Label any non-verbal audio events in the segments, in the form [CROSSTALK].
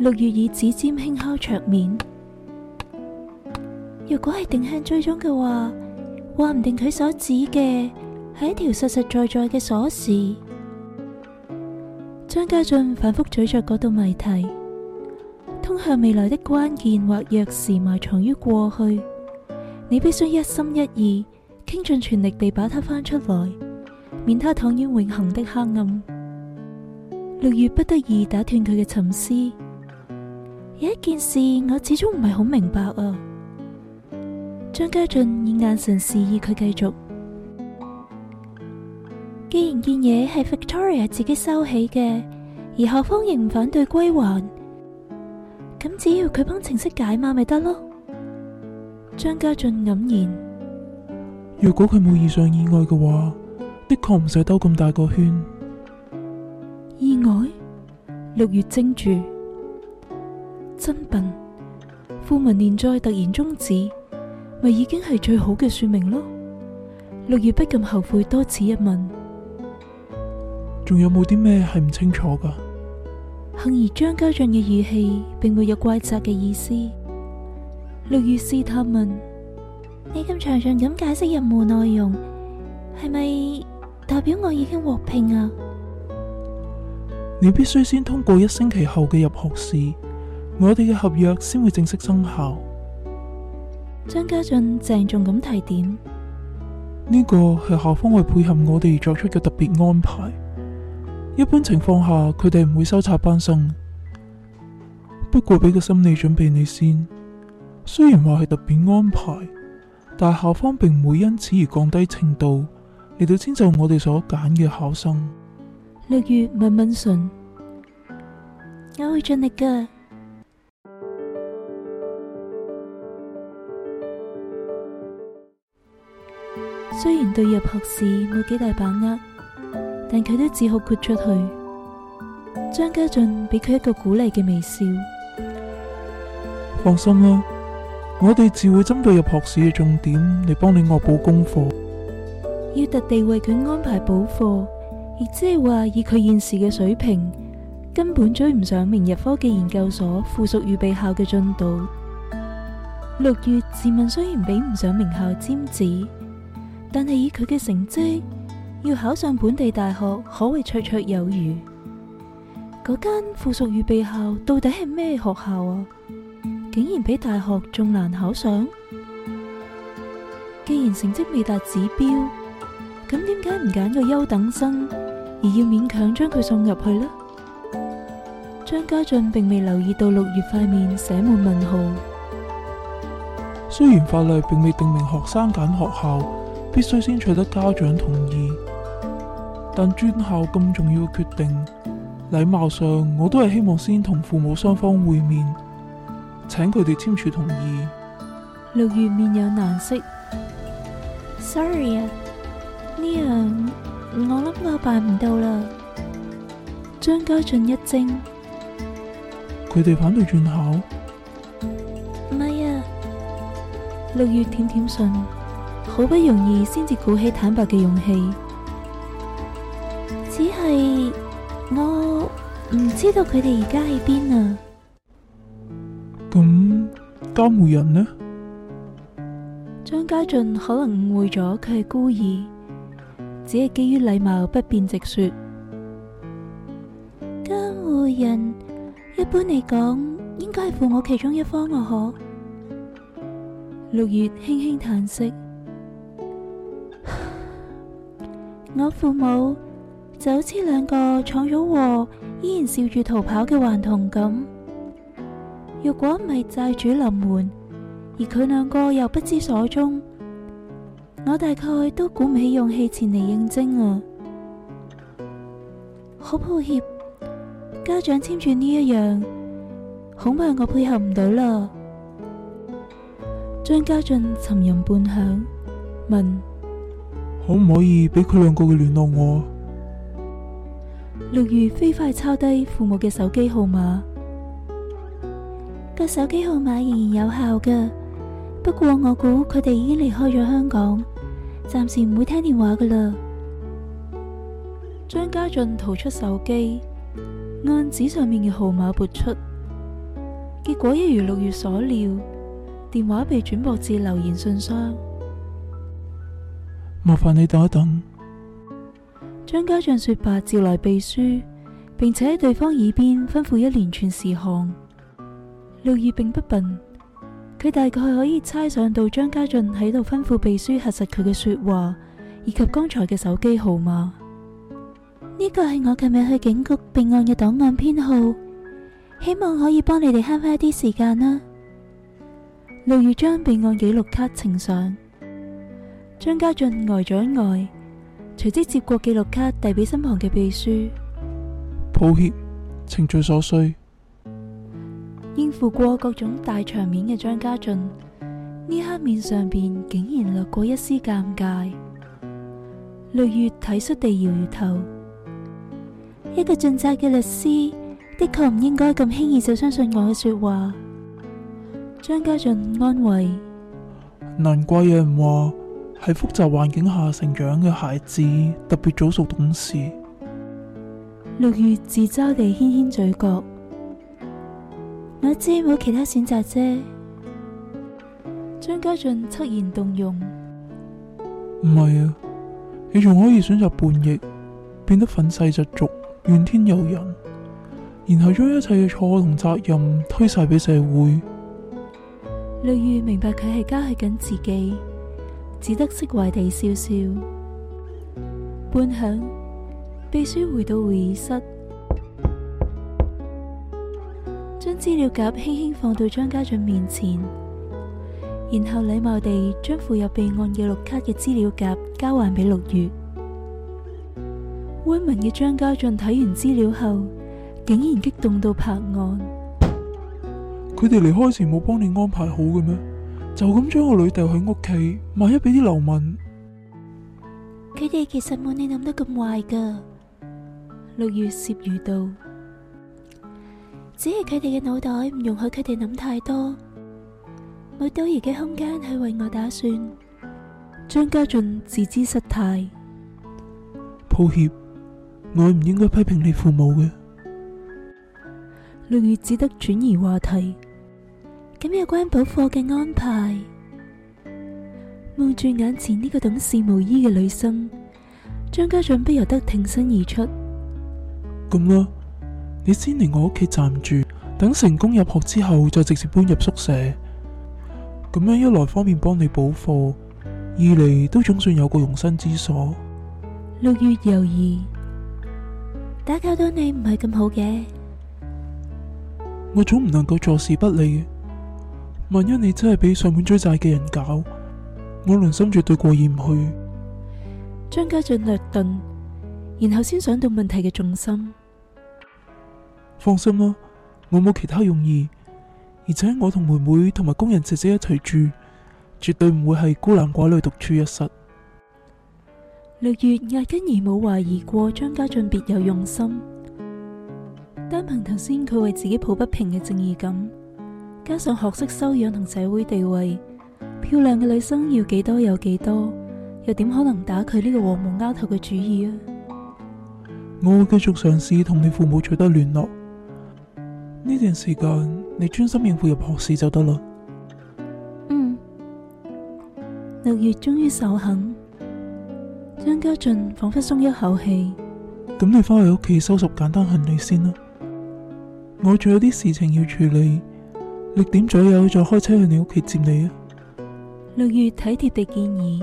六月以指尖輕敲桌面。如果係定向追蹤嘅話，話唔定佢所指嘅係一條實實在在嘅鎖匙。張 [NOISE] 家俊反覆咀嚼嗰道謎題。通向未來的關鍵或鑰匙埋藏於過去，你必須一心一意，傾盡全力地把它翻出來，免他躺於永恒的黑暗。六月不得已打斷佢嘅沉思。有一件事我始終唔係好明白啊！張家俊以眼神示意佢繼續。既然件嘢係 Victoria 自己收起嘅，而何方仍唔反對歸還，咁只要佢幫程式解碼咪得咯。張家俊黯然。如果佢冇遇上意外嘅話，的確唔使兜咁大個圈。意外？六月怔住。真笨，訃聞連載突然終止，咪已經係最好嘅說明咯。六月不禁後悔多此一問。仲有冇啲咩係唔清楚噶？幸而張家俊嘅語氣並沒有，有怪責嘅意思。六月試探問：你咁詳盡咁解釋任務內容，係咪代表我已經獲聘啊？你必須先通過一星期後嘅入學試。我哋嘅合約先會正式生效。張家俊鄭重咁提點：呢個係校方為配合我哋而作出嘅特別安排。一般情況下，佢哋唔會收插班生，不過俾個心理準備你先。雖然話係特別安排，但校方並唔會因此而降低程度嚟到遷就我哋所揀嘅考生。六月敏敏信，我會盡力噶。雖然對入學試冇幾大把握，但佢都只好豁出去。張家俊俾佢一個鼓勵嘅微笑。放心啦，我哋只會針對入學試嘅重點嚟幫你惡補功課。要特地為佢安排補課，亦即係話以佢現時嘅水平，根本追唔上明日科技研究所附屬預備校嘅進度。六月自問雖然比唔上名校尖子。但係以佢嘅成績，要考上本地大學，可謂綽綽有餘。嗰間附屬預備校到底係咩學校啊？竟然比大學仲難考上？既然成績未達指標，咁點解唔揀個優等生，而要勉強將佢送入去呢？張家俊並未留意到六月塊面寫滿問號。雖然法律並未定明學生揀學校。必須先取得家長同意，但轉校咁重要嘅決定，禮貌上我都係希望先同父母雙方會面，請佢哋簽署同意。六月面有難色，sorry 啊，呢樣我諗我辦唔到啦。張家俊一怔，佢哋反對轉校？唔係啊，六月舔舔唇。好不容易先至鼓起坦白嘅勇氣，只係我唔知道佢哋而家喺邊啊！咁監護人呢？張家俊可能誤會咗佢係孤兒，只係基於禮貌不便直說。監護人一般嚟講，應該係父母其中一方我可。六月輕輕嘆息。我父母就好似兩個闖咗禍依然笑住逃跑嘅頑童咁。若果唔係債主臨門，而佢兩個又不知所蹤，我大概都鼓唔起勇氣前嚟應徵啊！好抱歉，家長簽住呢一樣，恐怕我配合唔到啦。張家俊沉吟半晌，問。可唔可以俾佢兩個嘅聯絡我？六月，飛快抄低父母嘅手機號碼。個手機號碼仍然有效㗎。不過我估佢哋已經離開咗香港，暫時唔會聽電話噶啦。張家俊掏出手機，按紙上面嘅號碼撥出，結果一如六月所料，電話被轉駁至留言信箱。麻煩你等一等，張家俊說。白召來秘書，並且喺對方耳邊吩咐一連串事項。六羽並不笨，佢大概可以猜想到張家俊喺度吩咐秘書核實佢嘅說話，以及剛才嘅手機號碼。呢個係我琴日去警局備案嘅檔案編號，希望可以幫你哋慳翻一啲時間啦。六羽將備案記錄卡呈上。張家俊呆咗一呆，隨即接過記錄卡遞俾身旁嘅秘書。抱歉，程序所需。應付過各種大場面嘅張家俊，呢刻面上邊竟然掠過一絲尷尬。六月體恤地搖搖頭。一個盡責嘅律師，的確唔應該咁輕易就相信我嘅說話。張家俊安慰。難怪有人話。喺複雜環境下成長嘅孩子，特別早熟懂事。六月自嘲地牽牽嘴角，我知冇其他選擇啫。張家俊突然動容，唔係啊，你仲可以選擇叛逆，變得憤世嫉俗、怨天尤人，然後將一切嘅錯同責任推晒俾社會。六月明白佢係交去緊自己。只得釋懷地笑笑。半晌，秘書回到會議室，將資料夾輕輕放到張家俊面前，然後禮貌地將附有備案嘅綠卡嘅資料夾交還俾六月。溫文嘅張家俊睇完資料後，竟然激動到拍案。佢哋離開時冇幫你安排好嘅咩？就咁將個女丟喺屋企，萬一俾啲流民？佢哋其實冇你諗得咁壞噶。六月涉魚道，只係佢哋嘅腦袋唔容許佢哋諗太多，冇多餘嘅空間去為我打算。張家俊自知失態，抱歉，我唔應該批評你父母嘅。六月只得轉移話題。咁有關補課嘅安排，望住眼前呢個懂事無依嘅女生，張家俊不由得挺身而出。咁啦，你先嚟我屋企暫住，等成功入學之後，再直接搬入宿舍。咁樣一來方便幫你補課，二嚟都總算有個容身之所。六月猶疑，打攪到你唔係咁好嘅，我總唔能夠坐視不理。萬一你真係俾上門追債嘅人搞，我良心絕對過意唔去。張家俊略頓，然後先想到問題嘅重心。放心啦，我冇其他用意，而且我同妹妹同埋工人姐姐一齊住，絕對唔會係孤男寡女獨處一室。六月，壓根兒冇懷疑過張家俊別有用心，單憑頭先佢為自己抱不平嘅正義感。加上學識、修養同社會地位，漂亮嘅女生要幾多有幾多，又點可能打佢呢個和夢丫頭嘅主意啊？我會繼續嘗試同你父母取得聯絡。呢段時間你專心應付入學試就得啦。嗯，六月終於首肯，張家俊仿佛鬆一口氣。咁你返去屋企收拾簡單行李先啦。我仲有啲事情要處理。六點左右再開車去你屋企接你啊！六月體貼地建議，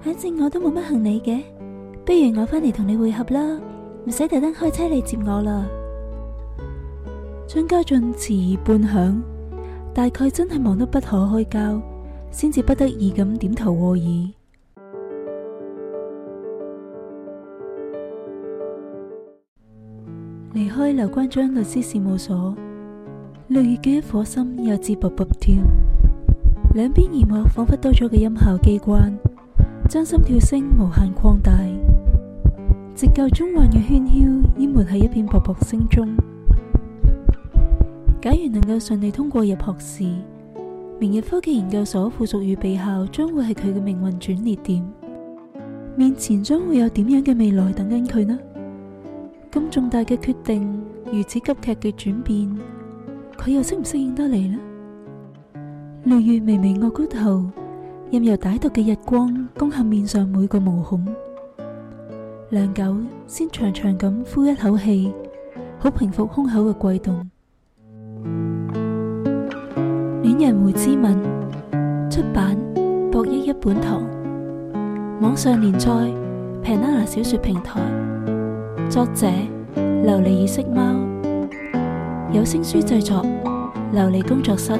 反正我都冇乜行李嘅，不如我返嚟同你會合啦，唔使特登開車嚟接我啦。張家俊遲疑半晌，大概真係忙得不可開交，先至不得已咁點頭和議，離 [MUSIC] 開劉關張律師事務所。六月嘅一顆心又似卜卜跳，兩邊耳膜仿佛多咗個音效機關，將心跳聲無限擴大。直覺中環嘅喧囂淹沒喺一片卜卜聲中。假如能夠順利通過入學試，明日科技研究所附屬預備校將會係佢嘅命運轉捩點。面前將會有點樣嘅未來等緊佢呢？咁重大嘅決定，如此急劇嘅轉變。佢又適唔適應得嚟呢？「雷雨微微降高頭，任由歹毒嘅日光攻陷面上每個毛孔。良久，先長長咁呼一口氣，好平復胸口嘅悸動。戀人湖之吻，出版：博益一,一本堂，網上連載：Penana 小說平台。作者：琉璃異色貓。有聲書製作，琉璃工作室。